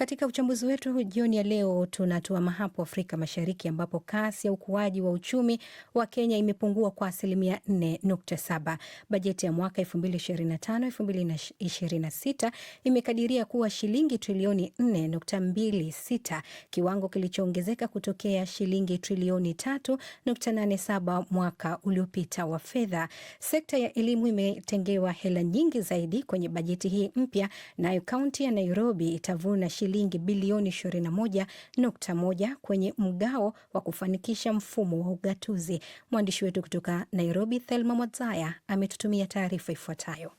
Katika uchambuzi wetu jioni ya leo tunatuama hapo Afrika Mashariki ambapo kasi ya ukuaji wa uchumi wa Kenya imepungua kwa asilimia 4.7. Bajeti ya mwaka 2025/2026 imekadiria kuwa shilingi trilioni 4.26, kiwango kilichoongezeka kutokea shilingi trilioni 3.87 mwaka uliopita wa fedha. Sekta ya elimu imetengewa hela nyingi zaidi kwenye bajeti hii mpya, nayo kaunti ya Nairobi itavuna shilingi shilingi bilioni 21.1 kwenye mgao wa kufanikisha mfumo wa ugatuzi. Mwandishi wetu kutoka Nairobi, Thelma Mwadzaya, ametutumia taarifa ifuatayo.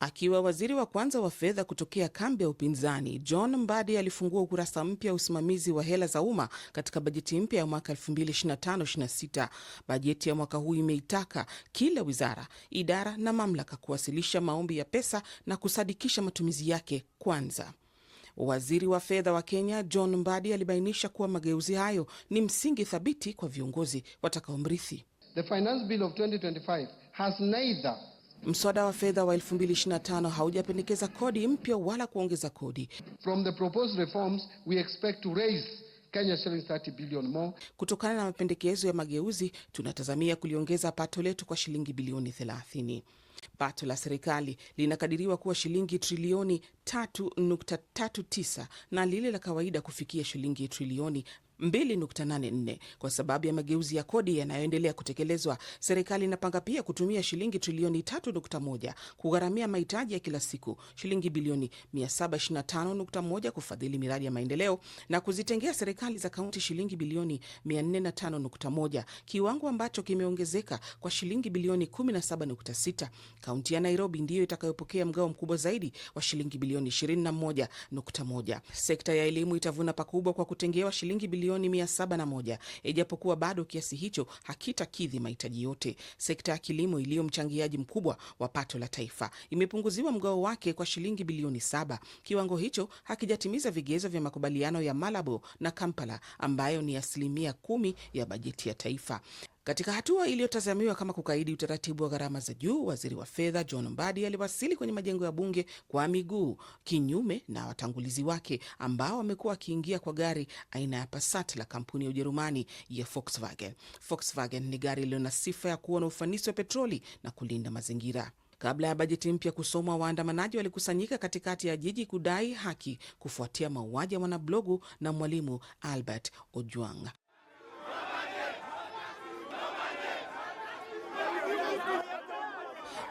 Akiwa waziri wa kwanza wa fedha kutokea kambi ya upinzani, John Mbadi alifungua ukurasa mpya wa usimamizi wa hela za umma katika bajeti mpya ya mwaka 2025/26. Bajeti ya mwaka huu imeitaka kila wizara, idara na mamlaka kuwasilisha maombi ya pesa na kusadikisha matumizi yake kwanza. Waziri wa fedha wa Kenya John Mbadi alibainisha kuwa mageuzi hayo ni msingi thabiti kwa viongozi watakaomrithi. Mswada wa fedha wa 2025 haujapendekeza kodi mpya wala kuongeza kodi. From the proposed reforms we expect to raise Kenya shillings 30 billion more. Kutokana na mapendekezo ya mageuzi tunatazamia kuliongeza pato letu kwa shilingi bilioni 30. Pato la serikali linakadiriwa kuwa shilingi trilioni 3.39 na lile la kawaida kufikia shilingi trilioni 2.84 kwa sababu ya mageuzi ya kodi yanayoendelea kutekelezwa. Serikali inapanga pia kutumia shilingi trilioni 3.1 kugharamia mahitaji ya kila siku, shilingi bilioni 725.1 kufadhili miradi ya maendeleo na kuzitengea serikali za kaunti shilingi bilioni 405.1, kiwango ambacho kimeongezeka kwa shilingi bilioni 17.6. Kaunti ya Nairobi ndiyo itakayopokea mgao mkubwa zaidi wa shilingi bilioni 21.1. Sekta ya elimu itavuna pakubwa kwa kutengewa shilingi bilioni milioni 701, ijapokuwa bado kiasi hicho hakitakidhi mahitaji yote. Sekta ya kilimo iliyo mchangiaji mkubwa wa pato la taifa imepunguziwa mgao wake kwa shilingi bilioni saba. Kiwango hicho hakijatimiza vigezo vya makubaliano ya Malabo na Kampala ambayo ni asilimia kumi ya bajeti ya taifa. Katika hatua iliyotazamiwa kama kukaidi utaratibu wa gharama za juu, waziri wa fedha John Mbadi aliwasili kwenye majengo ya bunge kwa miguu, kinyume na watangulizi wake ambao wamekuwa wakiingia kwa gari aina ya Passat la kampuni ya Ujerumani ya Volkswagen. Volkswagen ni gari iliyo na sifa ya kuwa na ufanisi wa petroli na kulinda mazingira. Kabla ya bajeti mpya kusomwa, waandamanaji walikusanyika katikati ya jiji kudai haki kufuatia mauaji ya mwanablogu na mwalimu Albert Ojwang.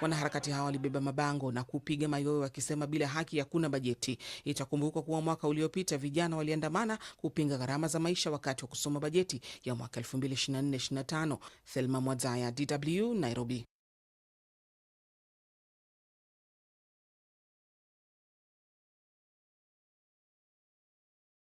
Wanaharakati hawa walibeba mabango na kupiga mayowe wakisema bila haki hakuna bajeti. Itakumbukwa kuwa mwaka uliopita vijana waliandamana kupinga gharama za maisha wakati wa kusoma bajeti ya mwaka 2024/25. Thelma Mwadzaya, DW, Nairobi.